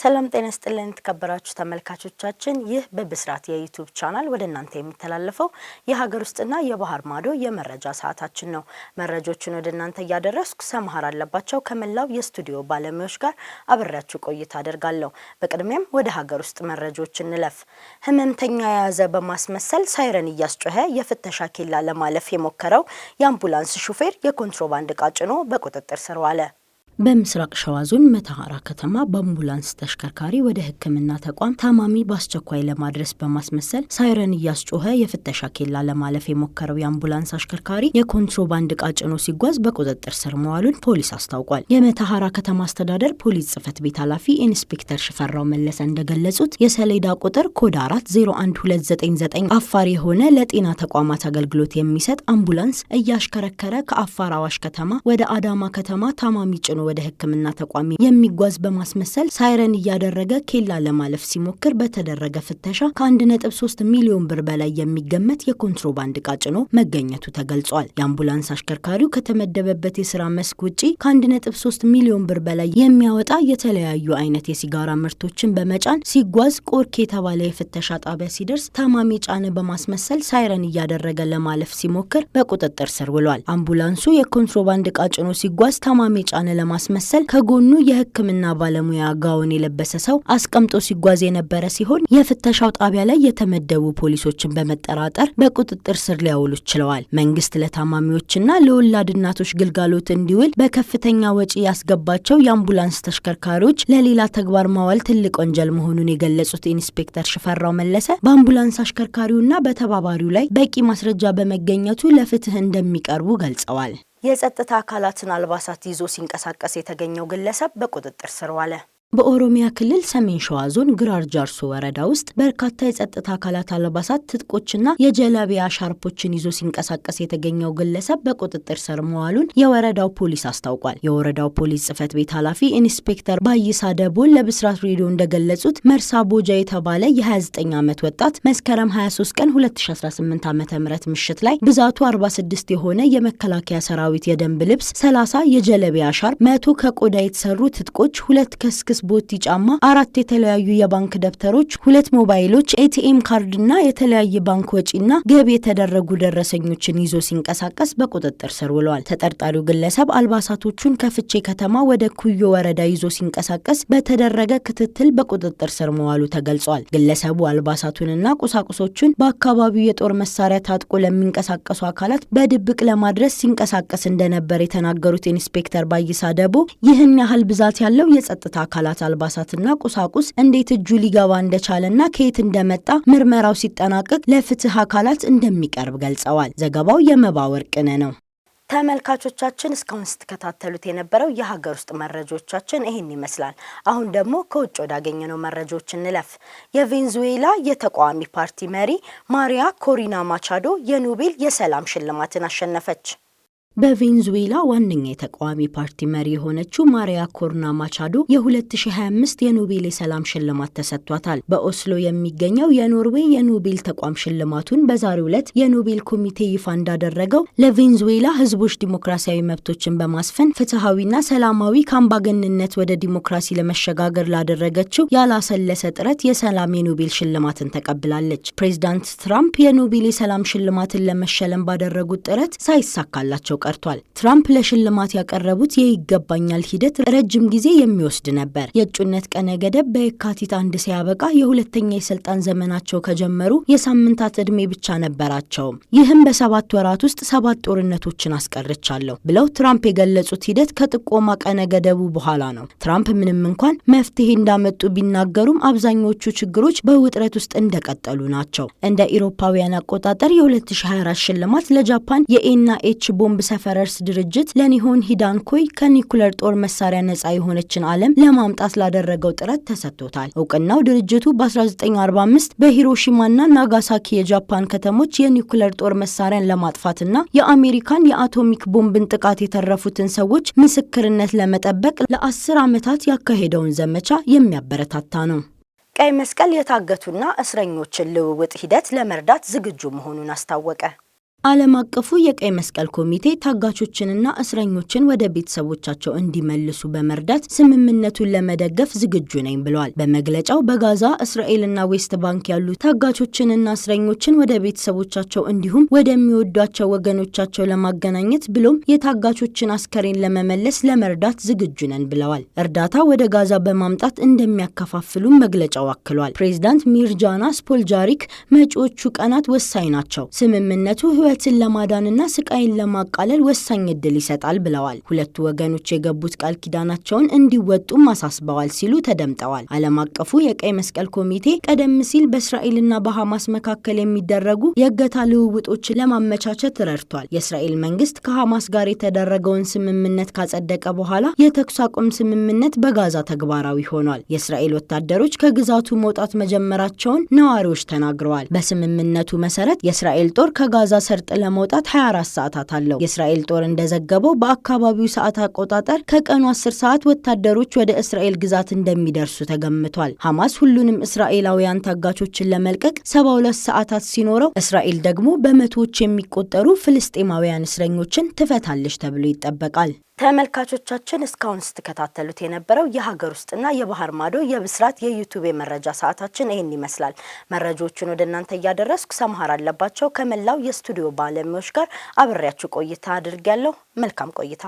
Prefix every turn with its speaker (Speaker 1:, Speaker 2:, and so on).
Speaker 1: ሰላም ጤና ስጥልን የተከበራችሁ ተመልካቾቻችን፣ ይህ በብስራት የዩቲዩብ ቻናል ወደ እናንተ የሚተላለፈው የሀገር ውስጥና የባህር ማዶ የመረጃ ሰዓታችን ነው። መረጃዎችን ወደ እናንተ እያደረስኩ ሰምሀር አለባቸው ከመላው የስቱዲዮ ባለሙያዎች ጋር አብሬያችሁ ቆይታ አደርጋለሁ። በቅድሚያም ወደ ሀገር ውስጥ መረጃዎች እንለፍ። ህመምተኛ የያዘ በማስመሰል ሳይረን እያስጮኸ የፍተሻ ኬላ ለማለፍ የሞከረው የአምቡላንስ ሹፌር የኮንትሮባንድ እቃ ጭኖ በቁጥጥር ስር ዋለ።
Speaker 2: በምስራቅ ሸዋ ዞን መተሐራ ከተማ በአምቡላንስ ተሽከርካሪ ወደ ሕክምና ተቋም ታማሚ በአስቸኳይ ለማድረስ በማስመሰል ሳይረን እያስጮኸ የፍተሻ ኬላ ለማለፍ የሞከረው የአምቡላንስ አሽከርካሪ የኮንትሮባንድ እቃ ጭኖ ሲጓዝ በቁጥጥር ስር መዋሉን ፖሊስ አስታውቋል። የመተሃራ ከተማ አስተዳደር ፖሊስ ጽህፈት ቤት ኃላፊ ኢንስፔክተር ሽፈራው መለሰ እንደገለጹት የሰሌዳ ቁጥር ኮድ 4 01299 አፋር የሆነ ለጤና ተቋማት አገልግሎት የሚሰጥ አምቡላንስ እያሽከረከረ ከአፋር አዋሽ ከተማ ወደ አዳማ ከተማ ታማሚ ጭኖ ወደ ሕክምና ተቋሚ የሚጓዝ በማስመሰል ሳይረን እያደረገ ኬላ ለማለፍ ሲሞክር በተደረገ ፍተሻ ከ1.3 ሚሊዮን ብር በላይ የሚገመት የኮንትሮባንድ ዕቃ ጭኖ መገኘቱ ተገልጿል። የአምቡላንስ አሽከርካሪው ከተመደበበት የስራ መስክ ውጪ ከ1.3 ሚሊዮን ብር በላይ የሚያወጣ የተለያዩ አይነት የሲጋራ ምርቶችን በመጫን ሲጓዝ ቆርክ የተባለ የፍተሻ ጣቢያ ሲደርስ ታማሚ ጫነ በማስመሰል ሳይረን እያደረገ ለማለፍ ሲሞክር በቁጥጥር ስር ውሏል። አምቡላንሱ የኮንትሮባንድ ዕቃ ጭኖ ሲጓዝ ታማሚ ጫነ ለማ በማስመሰል ከጎኑ የሕክምና ባለሙያ ጋውን የለበሰ ሰው አስቀምጦ ሲጓዝ የነበረ ሲሆን የፍተሻው ጣቢያ ላይ የተመደቡ ፖሊሶችን በመጠራጠር በቁጥጥር ስር ሊያውሉ ችለዋል። መንግስት ለታማሚዎችና ለወላድ እናቶች ግልጋሎት እንዲውል በከፍተኛ ወጪ ያስገባቸው የአምቡላንስ ተሽከርካሪዎች ለሌላ ተግባር ማዋል ትልቅ ወንጀል መሆኑን የገለጹት ኢንስፔክተር ሽፈራው መለሰ በአምቡላንስ አሽከርካሪውና በተባባሪው ላይ በቂ ማስረጃ በመገኘቱ ለፍትህ እንደሚቀርቡ ገልጸዋል።
Speaker 1: የጸጥታ አካላትን አልባሳት ይዞ ሲንቀሳቀስ የተገኘው ግለሰብ በቁጥጥር ስር ዋለ።
Speaker 2: በኦሮሚያ ክልል ሰሜን ሸዋ ዞን ግራር ጃርሶ ወረዳ ውስጥ በርካታ የጸጥታ አካላት አልባሳት፣ ትጥቆችና የጀለቢያ ሻርፖችን ይዞ ሲንቀሳቀስ የተገኘው ግለሰብ በቁጥጥር ስር መዋሉን የወረዳው ፖሊስ አስታውቋል። የወረዳው ፖሊስ ጽሕፈት ቤት ኃላፊ ኢንስፔክተር ባይሳ ደቦል ለብስራት ሬዲዮ እንደገለጹት መርሳ ቦጃ የተባለ የ29 ዓመት ወጣት መስከረም 23 ቀን 2018 ዓ ም ምሽት ላይ ብዛቱ 46 የሆነ የመከላከያ ሰራዊት የደንብ ልብስ፣ 30 የጀለቢያ ሻርፕ፣ መቶ ከቆዳ የተሰሩ ትጥቆች፣ ሁለት ከስክስ ቦቲ ጫማ፣ አራት የተለያዩ የባንክ ደብተሮች፣ ሁለት ሞባይሎች፣ ኤቲኤም ካርድና የተለያየ ባንክ ወጪና ገቢ የተደረጉ ደረሰኞችን ይዞ ሲንቀሳቀስ በቁጥጥር ስር ውለዋል። ተጠርጣሪው ግለሰብ አልባሳቶቹን ከፍቼ ከተማ ወደ ኩዮ ወረዳ ይዞ ሲንቀሳቀስ በተደረገ ክትትል በቁጥጥር ስር መዋሉ ተገልጿል። ግለሰቡ አልባሳቱንና ቁሳቁሶቹን በአካባቢው የጦር መሳሪያ ታጥቆ ለሚንቀሳቀሱ አካላት በድብቅ ለማድረስ ሲንቀሳቀስ እንደነበር የተናገሩት ኢንስፔክተር ባይሳ ደቦ ይህን ያህል ብዛት ያለው የጸጥታ አካላት የሀገራት አልባሳትና ቁሳቁስ እንዴት እጁ ሊገባ እንደቻለና ከየት እንደመጣ ምርመራው ሲጠናቀቅ ለፍትህ አካላት እንደሚቀርብ ገልጸዋል። ዘገባው የመባ ወርቅነ ነው።
Speaker 1: ተመልካቾቻችን እስካሁን ስትከታተሉት የነበረው የሀገር ውስጥ መረጃዎቻችን ይህን ይመስላል። አሁን ደግሞ ከውጭ ወዳገኘነው መረጃዎች እንለፍ። የቬንዙዌላ የተቃዋሚ ፓርቲ መሪ ማሪያ ኮሪና ማቻዶ የኖቤል የሰላም ሽልማትን አሸነፈች።
Speaker 2: በቬንዙዌላ ዋነኛ የተቃዋሚ ፓርቲ መሪ የሆነችው ማሪያ ኮርና ማቻዶ የ2025 የኖቤል የሰላም ሽልማት ተሰጥቷታል። በኦስሎ የሚገኘው የኖርዌይ የኖቤል ተቋም ሽልማቱን በዛሬው ዕለት የኖቤል ኮሚቴ ይፋ እንዳደረገው ለቬንዙዌላ ሕዝቦች ዲሞክራሲያዊ መብቶችን በማስፈን ፍትሐዊና ሰላማዊ ከአምባገንነት ወደ ዲሞክራሲ ለመሸጋገር ላደረገችው ያላሰለሰ ጥረት የሰላም የኖቤል ሽልማትን ተቀብላለች። ፕሬዚዳንት ትራምፕ የኖቤል የሰላም ሽልማትን ለመሸለም ባደረጉት ጥረት ሳይሳካላቸው ቀርቷል። ትራምፕ ለሽልማት ያቀረቡት የይገባኛል ሂደት ረጅም ጊዜ የሚወስድ ነበር። የእጩነት ቀነ ገደብ በየካቲት አንድ ሲያበቃ የሁለተኛ የስልጣን ዘመናቸው ከጀመሩ የሳምንታት ዕድሜ ብቻ ነበራቸውም። ይህም በሰባት ወራት ውስጥ ሰባት ጦርነቶችን አስቀርቻለሁ ብለው ትራምፕ የገለጹት ሂደት ከጥቆማ ቀነ ገደቡ በኋላ ነው። ትራምፕ ምንም እንኳን መፍትሄ እንዳመጡ ቢናገሩም አብዛኞቹ ችግሮች በውጥረት ውስጥ እንደቀጠሉ ናቸው። እንደ ኢሮፓውያን አቆጣጠር የ2024 ሽልማት ለጃፓን የኤና ኤች ቦምብ ሰፈረርስ ድርጅት ለኒሆን ሂዳንኮይ ከኒኩለር ጦር መሳሪያ ነጻ የሆነችን ዓለም ለማምጣት ላደረገው ጥረት ተሰጥቶታል። እውቅናው ድርጅቱ በ1945 በሂሮሺማና ናጋሳኪ የጃፓን ከተሞች የኒኩለር ጦር መሳሪያን ለማጥፋትና የአሜሪካን የአቶሚክ ቦምብን ጥቃት የተረፉትን ሰዎች ምስክርነት ለመጠበቅ ለአስር ዓመታት ያካሄደውን ዘመቻ የሚያበረታታ ነው።
Speaker 1: ቀይ መስቀል የታገቱና እስረኞችን ልውውጥ ሂደት ለመርዳት ዝግጁ መሆኑን አስታወቀ።
Speaker 2: ዓለም አቀፉ የቀይ መስቀል ኮሚቴ ታጋቾችንና እስረኞችን ወደ ቤተሰቦቻቸው እንዲመልሱ በመርዳት ስምምነቱን ለመደገፍ ዝግጁ ነኝ ብለዋል። በመግለጫው በጋዛ እስራኤልና ዌስት ባንክ ያሉ ታጋቾችንና እስረኞችን ወደ ቤተሰቦቻቸው እንዲሁም ወደሚወዷቸው ወገኖቻቸው ለማገናኘት ብሎም የታጋቾችን አስከሬን ለመመለስ ለመርዳት ዝግጁ ነን ብለዋል። እርዳታ ወደ ጋዛ በማምጣት እንደሚያከፋፍሉም መግለጫው አክሏል። ፕሬዚዳንት ሚርጃና ስፖልጃሪክ መጪዎቹ ቀናት ወሳኝ ናቸው። ስምምነቱ ሕይወትን ለማዳንና ስቃይን ለማቃለል ወሳኝ እድል ይሰጣል ብለዋል። ሁለቱ ወገኖች የገቡት ቃል ኪዳናቸውን እንዲወጡም አሳስበዋል ሲሉ ተደምጠዋል። ዓለም አቀፉ የቀይ መስቀል ኮሚቴ ቀደም ሲል በእስራኤልና በሐማስ መካከል የሚደረጉ የእገታ ልውውጦች ለማመቻቸት ረድቷል። የእስራኤል መንግስት ከሐማስ ጋር የተደረገውን ስምምነት ካጸደቀ በኋላ የተኩስ አቁም ስምምነት በጋዛ ተግባራዊ ሆኗል። የእስራኤል ወታደሮች ከግዛቱ መውጣት መጀመራቸውን ነዋሪዎች ተናግረዋል። በስምምነቱ መሰረት የእስራኤል ጦር ከጋዛ ሰ። ሰርጥ ለመውጣት 24 ሰዓታት አለው። የእስራኤል ጦር እንደዘገበው በአካባቢው ሰዓት አቆጣጠር ከቀኑ 10 ሰዓት ወታደሮች ወደ እስራኤል ግዛት እንደሚደርሱ ተገምቷል። ሐማስ ሁሉንም እስራኤላውያን ታጋቾችን ለመልቀቅ 72 ሰዓታት ሲኖረው እስራኤል ደግሞ በመቶዎች የሚቆጠሩ ፍልስጤማውያን እስረኞችን ትፈታለች ተብሎ ይጠበቃል።
Speaker 1: ተመልካቾቻችን እስካሁን ስትከታተሉት የነበረው የሀገር ውስጥና የባህር ማዶ የብስራት የዩቲዩብ የመረጃ ሰዓታችን ይህን ይመስላል። መረጃዎቹን ወደ እናንተ እያደረስኩ ሰምሃር አለባቸው ከመላው የስቱዲዮ ባለሙያዎች ጋር አብሬያችሁ ቆይታ አድርጊያለሁ። መልካም ቆይታ